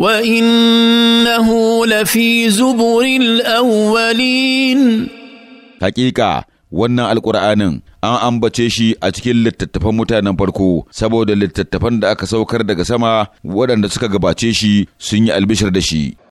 وإنه لفي زبر الأولين حقيقة wannan Alƙur'anin an ambace shi a cikin littattafan mutanen farko saboda littattafan da aka saukar daga sama waɗanda suka gabace shi sun yi albishar da shi